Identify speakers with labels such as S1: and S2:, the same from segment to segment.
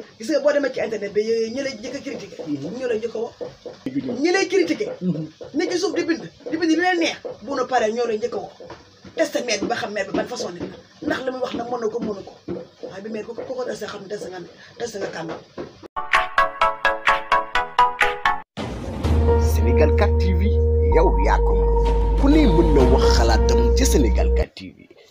S1: loolu gis nga boo demee ci internet bi ñi lay njëkk a critiqué ñoo lay njëkk a wax ñi lay critiqué suuf di bind di bind li leen neex bu nu paree ñoo lay njëkk a wax testé maire bi ba xam maire bi ban façon nit ndax li muy wax na mën na ko mën na ko waaye bi maire bi ko ko testé xam ne testé nga testé nga kàmm
S2: Sénégal 4 TV yow yaa ko ku ne mën na wax xalaatam ci Sénégal 4 TV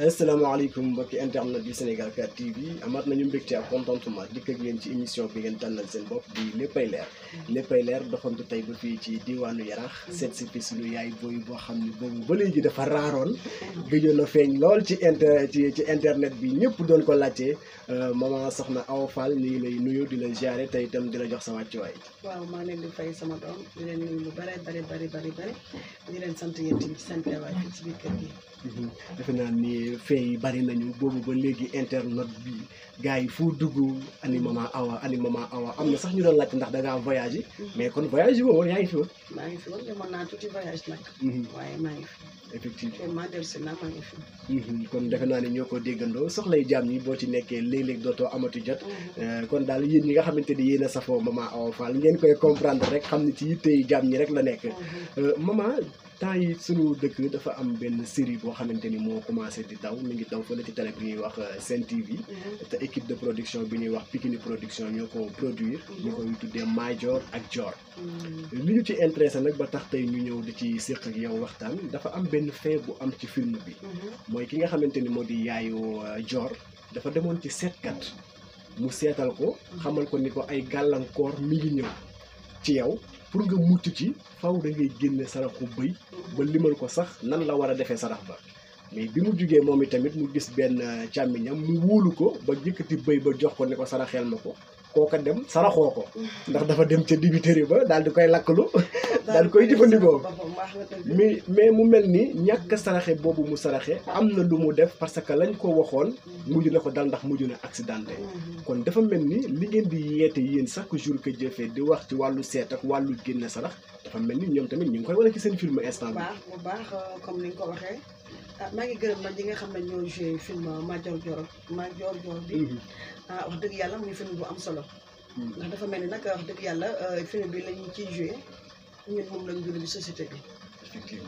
S2: asalaamaaleykum mbokk internet bi Sénégal 4 TV amat nañu mbégte ak contentement dik ak yéen ci émission bi ngeen tanal seen bop di léppay leer léppay leer doxantu tay ba fi ci diwanu Yarax set ci pis lu yaay boy bo xamni bo boobu ba léegi dafa raron gëjë na feñ lool ci internet ci internet bi ñëpp doon ko laccé euh, mama Soxna aw Fall ni lay nuyu di la ziare tay tam di la jox sama ci way
S1: waaw ma leen di fay sama doom di leen nuyu lu bare bari bari bari bari di leen sant yeen ci sant waay ci bi
S2: kër gi. defena ni yi fee yi bari nañu boobu ba léegi internet bi gars yi foo dugg ani mm-hmm. maman awa ani maman awa am na sax ñu doon laajte ndax da ngaa voyage yi mm-hmm. mais kon voyage yi woon maa ngi fi woon demoon naa tuuti voyage nag. Mm-hmm. waaye kon defe naa ne ñoo ko déggandoo soxlay jaam ñi boo ci nekkee léeg-léeg dootoo amatu jot. Euh, kon daal yéen ñi nga xamante ni yéen a safoo maman awa Fall ngeen koy comprendre rek xam ne ci yittey jaam ñi rek la nekk. Euh, maman temps yi suñu dëkk dafa am benn série boo xamante ni moo commencé di daw mu ngi daw fële ci télé bi ñuy wax euh, Sen TV mm-hmm. te équipe de production bi ñuy wax Pikini production ñoo ko produire mm-hmm. ñu koy tuddee Madior ak joor mm-hmm. li ñu ci intéressé nag ba tax tey ñu ñëw di ci séq ak yow waxtaan dafa am benn fait bu am ci film bi mooy ki nga xamante ni moo di yaayu euh, Dior dafa demoon ci seetkat mu seetal ko xamal ko ni ko ay gàllankoor mi ngi ñëw ci yow pour nga mutti ci faaw da ngay sarax saraxu bëy ba limal ko sax nan la wara défé sarax ba mais bi mu jugee momi tamit mu gis ben euh, càmmiñam mu wolu ko ba yëkkati bëy ba jox ko niko saraxel saraxeel dem saraxoko mm. ndax dafa dem ci dibiteri ba dal di koy daal koy jëfandikoo mi mais mu mel ni ñàkk saraxe boobu mu saraxe am na lu mu def parce que lañ ko waxoon mujj na ko dal ndax mujj na accidenté mm-hmm. kon dafa mel ni li ngeen bi yeete yéen chaque jour que jëfee di wax ci wàllu seet ak wàllu génn sarax dafa mel ni ñoom tamit ñu ngi koy a ci seen film instant bi
S1: bu baax comme ni nga ko waxee ah, maa ngi gërëm man ñi nga xam ne ñoo joué film Madior Dior Madior Dior bi mm-hmm. ah wax dëgg yàlla muy film bu am solo mm. ni nag dëgg yàlla euh, film bi lañu ciy ñun moom lañ dund bi société bi.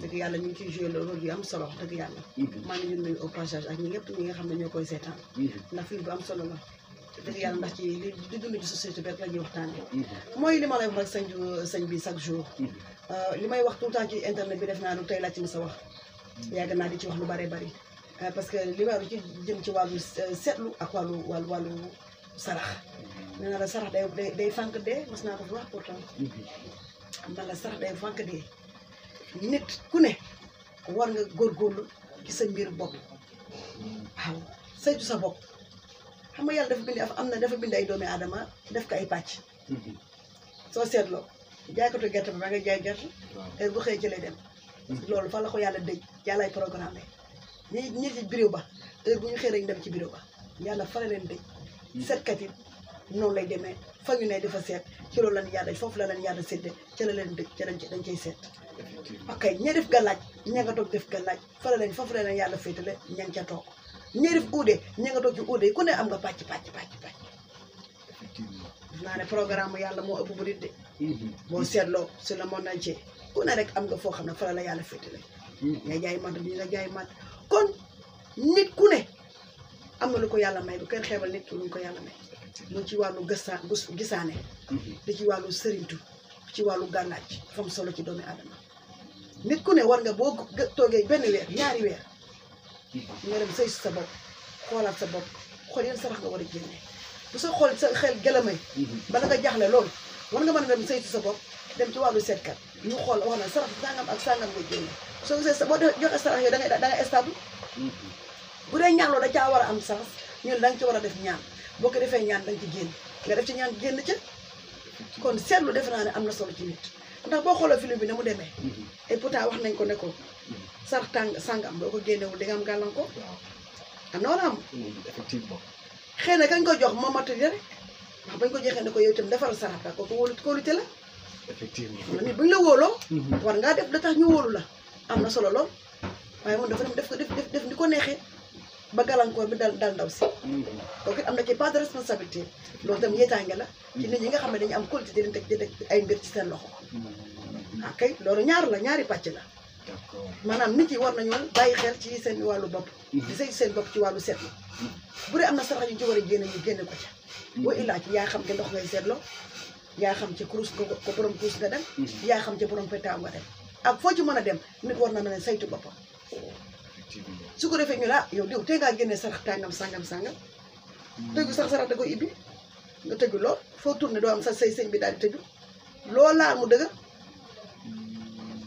S1: dëgg yàlla ñu ngi ciy joué le rôle bi am solo dëgg yàlla. Mhm. maa ngi nuyu au passage ak ñi ñëpp ñi nga xam ne ñoo koy seetaan. Mhm. ndax fii bu am solo la. dëgg yàlla ndax ci li li dund ci société bi rek la ñuy waxtaanee. Mhm. mooy li ma lay wax rek sëñ sëñ bi chaque jour. Euh, li may wax tout le temps ci internet bi def naa nu tey laaj ci ma sa wax. yàgg naa di ci wax lu bare bari. Euh, parce que li war ci jëm ci wàllu euh, seetlu ak wàllu wàllu wàllu sarax. nee naa la sarax day day fànq dee mas naa ko am la sax day fànq de nit ku ne war nga góorgóorlu ci sa mbir bopp waaw saytu sa bopp xam nga yàlla dafa bind am na dafa bind ay doomi aadama def ko ay pàcc soo seetloo jaaykatu gerte ba nga jaay gerte heure bu xëy ci dem loolu fan la ko yàlla dëj yàllaay programme ñi ñi ci bureau ba heure bu ñu xëy dañ dem ci bureau ba yàlla fa la leen dëj hmm. setkat yi noonu lay demee fa ñu ne dafa seet ci loolu lañ yàlla foofu la leen yàlla sédde ca la leen dëkk ca lañ dañ cay seet ok ña def gàllaaj ña nga toog def gàllaaj fa la leen foofu la leen yàlla féetale ña nga ca toog ña def uude ña nga toog ci uude yi ku ne am nga pàcc pàcc pàcc pàcc naa ne programme yàlla moo ëpp bu de
S2: mhm. boo
S1: seetloo sur le monde entier ku ne rek am nga foo xam ne fa la yàlla féetale ngay jaay màtt bi nga jaay màtt kon nit ku ne am na lu ko yàlla may bu kenn xeebal nit ki lu ko yàlla may lu ci wàllu gëstaan gisaane lu mhm. ci wàllu sëriñtu ci wàllu gànnaaj dafa am solo ci doomi aadama nit ku ne war nga boo toogee benn weer ñaari weer mhm. nga dem sëy sa bopp xoolaat sa bopp xool yan sarax nga war a génne bu sa xool sa xel gëlëmay mhm. bala nga jaaxle loolu war nga mën a dem saytu sa bopp dem ci wàllu seetkat ñu xool wax na sarax sangam ak sangam nga génne soo gisee sa boo joxe sarax yooyu da ngay bu dee ñaan loolu da ca war a am sarax ñun da war a def ñaan boo ko defee ñaan dañ ci génn nga def ci ñaan génn ca kon seetlu def naa ne am na solo ci nit ndax boo xooloo film bi ne mu demee mm-hmm. et pourtant wax ko ne ko mm-hmm. sarax tàng sàngam boo ko am gàllankoor
S2: am na wala am mm-hmm. effectivement
S1: xëy na kañ ko jox ma matal rek ndax bañ ko joxee ne ko yow itam defaral sarax ta kooku wóolu kóolute la
S2: effectivement nit
S1: bu ñu la wóoloo war ngaa def da tax ñu wóolu la am na solo lool waaye moom dafa def ko def def ni ko neexee ba gàllankoor bi dal dal ndaw si donc it am na ci pas de responsabilité loolu tam yeetaange la ci nit ñi nga xam ne dañu am qualité di teg di teg ay mbir ci seen loxo ah mm-hmm. kay loolu ñaar la ñaari pàcc la maanaam nit yi war nañoo bàyyi xel ci seen wàllu bopp mm-hmm. di say seen bopp ci wàllu seet mm-hmm. bu dee am na sarax yu ci war a génne ñu génne ko ca wa illaa yaa xam ci ndox ngay seetloo yaa xam ci kurus ko borom kurus nga dem yaa xam ci borom pétaaw nga dem ak foo ci mën a dem nit war na saytu boppam su ko defee ñu la yow diw tey ngaa génne sarax tàngam sangam sangam
S2: mm. tëggu sax
S1: sarax da koy ibi nga tëggu lool foo tourné do am sa sey sëñ bi daal di tëggu loolu laa mu dëgg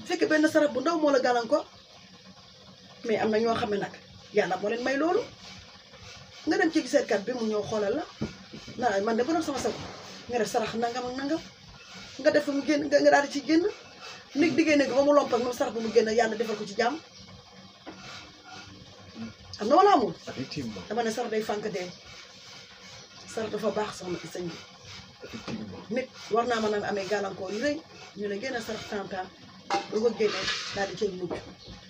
S1: fekk ben sarax bu ndaw mo la ko mais am na ño xamé nak yalla mo leen may loolu nga dem ci kat bi mu ñëw xolal la naa man de borom sama sago nga def sarax nangam nangam nga def mu génn nga daal ci génn nit diggéey nekk ba mu lomp ak moom sarax bu mu génn yalla defal ko ci jàmm am na wala amul. effectivement dama ne sar day fànq dee. sar dafa baax soxna si sëñ gi effectivement nit war naa man a amee gàllankoor yi rëy ñu ne génne sar tantan ba ko génne daal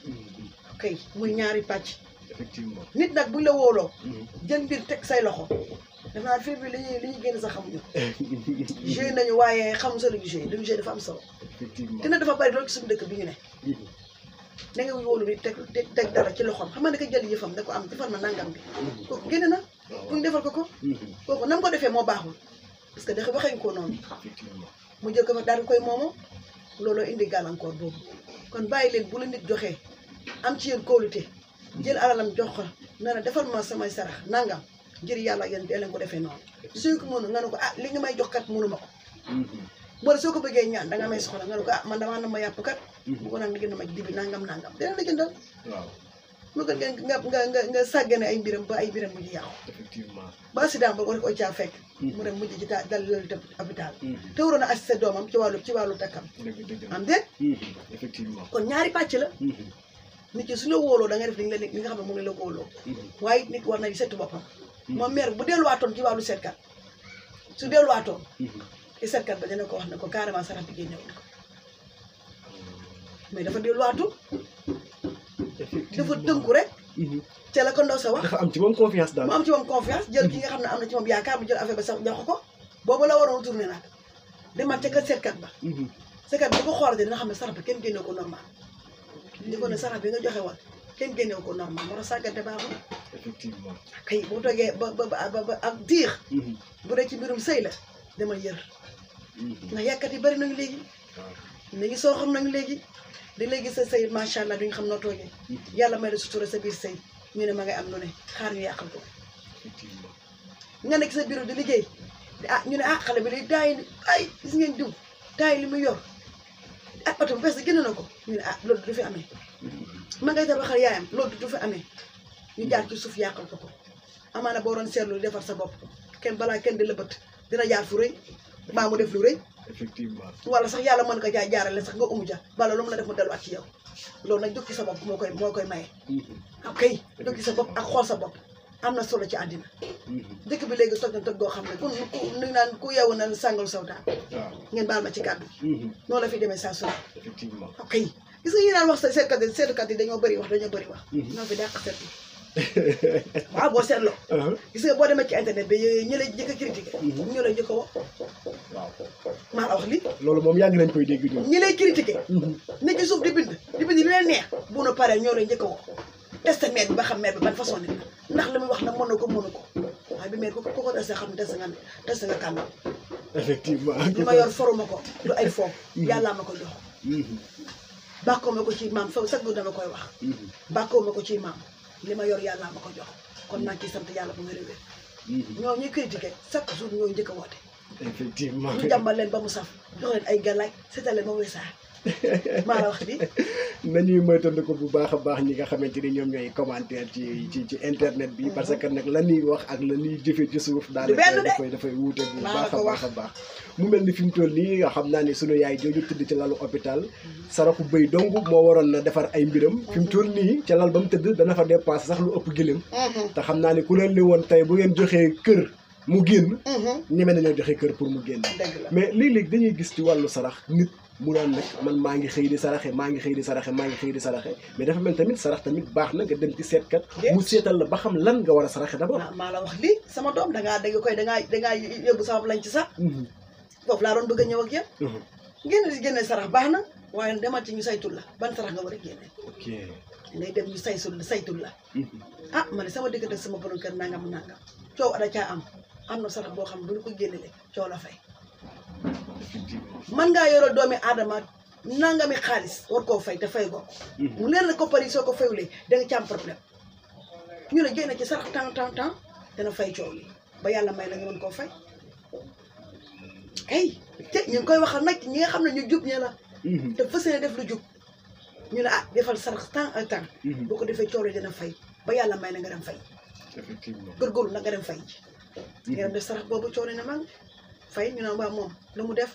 S1: mm-hmm. ñaari pàcc. effectivement nit nag buñ la wóoloo. Mm-hmm. jën mbir teg say loxo. def naa film bi li ñuy li ñuy génn sax xamuñu joué nañu waaye xamu sa lu ñu joué lu ñu joué dafa am solo. effectivement dina dafa bari loolu ci suñu dëkk bi ñu ne. Mm-hmm. na nga wóolu nit teg teg dara ci loxoom xam nga ne ko jël yëfam da ko am defal ma nangam bi
S2: mm-hmm. kooku génne
S1: na bu ah, ñu defal ko ko mm-hmm. kooku nam ko defee moo baaxul parce que dafa waxee ko noonu mu jël ko fa daal koy moomu looloo indi gàllankoor boobu kon bàyyi leen bu la nit joxee am ci yéen kóolute jël alalam jox ko na la defal ma samay sarax nangam jëri yàlla ak yéen dee leen ko defee noonu suñu ko mënu nga ne ko ah, li nga may jox kat munuma ma ko mm-hmm. wala soo ko bëggee ñaan da nga may soxla nga ne ko ah man damaa na ma yàpp kat bu ko naan di gën a mag dibi nangam nangam dana la jëndal
S2: waaw mu gën
S1: nga nga nga nga sàggane ay mbiram ba ay mbiram mujj yàqu effectivement ba accident ba war ko caa fekk mu dem mujj ci ta dal loolu tam hôpital mm-hmm. te waroon a assisté doomam ci wàllu ci wàllu takkam am déet
S2: mm-hmm. effectivement kon ñaari pàcc la mm-hmm.
S1: nit ki su la wóoloo da def li la li nga xam ne moom la wóoloo waaye nit war na seetu boppam moom mère bu waatoon ci wàllu seetkat su delluwaatoon i seetkat ba dina ko wax ne ko carrément sarax bi génne mais dafa delluwaatu. dafa tënku rek. Mhm. ca la ko ndaw sa wax. am ci moom confiance daal. mu am ci moom confiance jël ki nga mhm. xam ne am na ci moom yaakaar mu jël affaire ba sax jox ko boobu la waroon tourné nag demaat ca kër seetkat mhm. bu ko xoolee dina xam ne sarax kenn génne ko normal. di ko ne sarax bi nga joxe woon kenn génnew ko normal moo tax sàggante baaxul. effectivement kay bu toogee ba ba ba ba ak diir. bu dee ci mbirum sëy la dama yër. ndax yàkkat yi bari nañu léegi.
S2: waaw ah.
S1: léegi soo xam nañu léegi. di léegi sa sëy macha allah duñ xam noo toogee yàlla may la sutura sa biir sëy ñu ne ma ngay am lu ne xaar ñu yàqal ko nga nekk sa bureau di liggéey ah ñu ne ah xale bi day daayi ay gis ngeen diw daayi li muy yor ak ah, oto bu bees génn ko ñu ne ah loolu du fi amee ma ngay tabaxal yaayam loolu du fi amee ñu jaar ci suuf yàqal ko ko amaana boo doon seetlu defar sa bopp kenn balaa kenn di lëbët dina jaar fu rëy mbaa mu def lu rëy effectivement wala sax yàlla mën ko jaay jaarale sax nga umu ja wala lu mu la def mu delluwaat ci yow loolu nag jokki sa bopp moo koy moo koy maye mm-hmm. ok jokki sa bopp ak xool sa bopp am na solo ci àddina mm-hmm. dëkk bi léegi toj na toj goo xam ne ku ku ñu naan ku yeewu na sàngalu sawtaan ngeen baal ma ci kàddu mm-hmm. noonu la fi demee saa su ne gis nga ñi wax sa seetkat yi seetkat yi dañoo bëri wax dañoo bëri wax noo fi daa accepté waaw boo seetloo. Uh-huh. gis nga boo demee ci internet bi ñu lay njëkk a critiqué. Uh-huh. ñu lay njëkk a wax. maa la wax lii. loolu moom yàgg nañ koy dégg ñoom. ñi lay critiqué. Uh-huh. ne ci suuf di bind di bind li leen neex. bu nu paree ñoo lay njëkk a wax. bi ba xam maire bi ban façon nit ndax la muy wax nag mën na ko mën ko waaye bi maire bi ku ko testé xam ne testé nga testé nga kàmm.
S2: effectivement li ma yor
S1: foruma ko du ay foom. yàllaa ma ko jox. bàkkoo ma ko ci maam foofu chaque jour dama koy wax. bàkkoo ma ko ci li ma yor yàlla ma ko jox kon naa ci sant yàlla bu wér wér mhm. ñoo ñu critiqué chaque jour ñooy njëkk a woote
S2: effectivement ñu jàmbal
S1: leen ba mu saf jox ay galaaj seetal
S2: leen ba muy saar maa la wax bi nañuy moytandiku bu baax a baax ñi nga xamante ni ñoom ñooy commentaire ci ci ci internet bi parce que nag la ñuy wax ak la ñuy jëfe ci suuf daanaka dafay dafay wuute bu baax a baax a baax mu mel ni fi mu toll nii nga xam naa ne sunu yaay jooju tëdd ci lalu hôpital saraxu bëy dong moo waroon na defar ay mbiram fi mu toll nii ca lal ba mu tëdd dana fa dépassé sax lu ëpp gilim mm-hmm. te xam naa ne ku leen ni woon tey bu ngeen joxee kër mu génn mm-hmm. ñeme nañoo joxe kër pour mu génn mais lii léeg dañuy gis ci wàllu sarax nit mu daan nag man maa ngi xëy di saraxe maa ngi xëy di saraxe maa ngi xëy di saraxe mais dafa mel tamit sarax tamit baax na nga dem ci seetkat mu seetal la ba xam lan nga war a saraxe d'abord maa
S1: la wax lii sama doom da nga koy da dangaa yóbbu sama lañ ci sax mhm. foofu laa doon bëgg a ñëw ak yëpp ngeen di génne sarax baax na waaye demal ci ñu saytul la ban sarax nga war a génne ok ngay dem ñu saytul saytul la mhm. ah ma ne sama dëgg sama borom kër nangam nangam coow ada caa am am na sarax boo xam bu ñu ko génnele coow la fay man ngaa yoroo doomi aadama nangami xaalis war koo fay te fay ko mhm. mu leer na koppar ko fayulee da nga ci problème ñu ne génn ci sarax temps temps temps dana fay coow li ba yàlla may la nga koo fay ay te ñu ngi koy waxal nag ñi nga xam ne ñu jub ñe la mhm. te def lu jub ñu ne ah defal sarax temps ak euh, temps mhm. boo ko defee coow li dana fay ba yàlla may la nga dem fay effectivement góorgóorlu nag nga dem fay ji nga dem def sarax coow li ne maa fay ñu naan waa moom lu mu def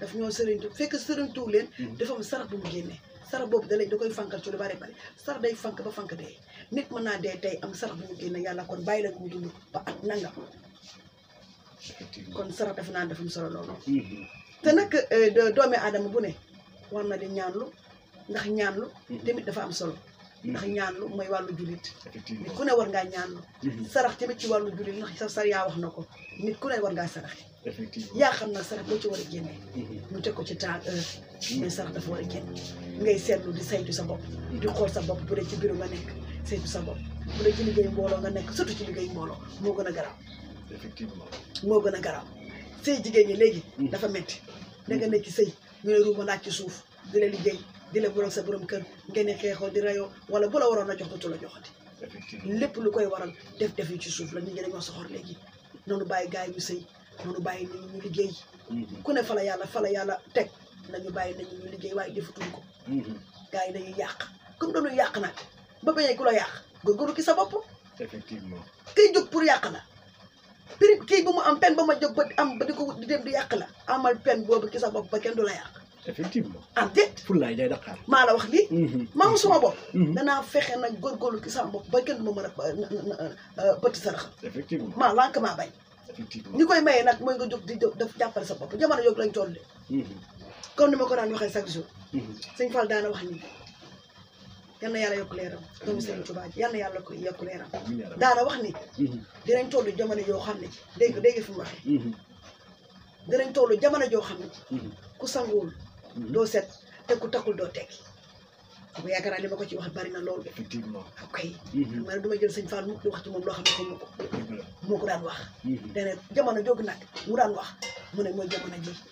S1: def ñoo sëriñtu fekk sëriñtuwu leen hmm. dafa am sarax bu mu génnee sarax boobu da lay da koy fankal ci lu bari bari sarax day fank ba fank dee nit mën naa dee tey am sarax bu mu génne yàlla kon bàyyi la ko mu dund ba at nangam kon sarax def naa dafa mu solo loolu hmm. te nag eh, doomi adama bu ne war na di ñaanlu ndax ñaanlu hmm. tamit dafa am solo ndax ñaanlu mooy wàllu jullit nit ku ne war ngaa ñaanlu sarax tamit ci wàllu jullit ndax sa sar yaa wax na ko nit ku war ngaa sarax effectivement yaa xam nag sax boo ci war a génne. ñu mhm. teg ko ci temps heure. mais sax dafa war a génn ngay seetlu di saytu sa bopp. di xool sa bopp bu dee ci bureau nga nekk saytu sa bopp bu dee ci nga nekk surtout ci liggéey mbooloo moo gën a garaaw. effectivement moo gën a garaaw sëy jigéen ñi léegi. Mhm. dafa metti da nga nekk ci sëy ñu ne ruuma naaj ci suuf di la liggéey di la borom sa borom kër ngeen ne xeexoo di rayoo wala bu la waroon a jox dootu la joxati. effectivement lépp lu koy waral def-def yu ci suuf la nit ñi dañoo soxor léegi noonu bàyyi gaa yi ñu sëy noonu bàyyi nañu ñu liggéey mhm. ku ne fa la yàlla fa la yàlla teg nañu bàyyi nañu ñu liggéey waaye defutuñ ko mhm. gars yi dañuy yàq comme dañuy yàq nag ba bañee ku la yàq góorgóorlu ki sa bopp
S2: effectivement
S1: kay jóg pour yàq la kii bu mu am pen ba ma jóg am ba ko di dem yàq la amal pen boobu ki sa bopp ba kenn du la yàq effectivement en tête fulaay day daqaar maa la wax lii mhm. maam suma bopp danaa fexee nag góorgóorlu ki sama bopp ba kenn du ma mën a euh, bëtt saraxam effectivement maa lank maa bañ ñi koy maye nag mooy nga jóg di def jàppale sa bopp jamono yooyu lañ toll de. kon mhm. ni ma ko daan waxee chaque jour. Mhm. sëñ Fall daana wax ni yal na yàlla yokk leeram doomu sëñ Tuubaa ji yal na yàlla koy yokk leeram wax ni. Mhm. dinañ tollu jamono yoo xam ne dégg dégg fi mu waxee. dinañ toll jamono joo xam ne. ku sanguwul doo set te ku takkul doo tekki. bu yaakaar naa li ma ko ci wax bari na lool. effectivement ok. Mhm. man du ma jël sëñ Fall wax ci moom loo xam ne xamu ko. moo ko daan wax. dana mhm. jamono jóg nag mu daan wax mu ne mooy jamono ji.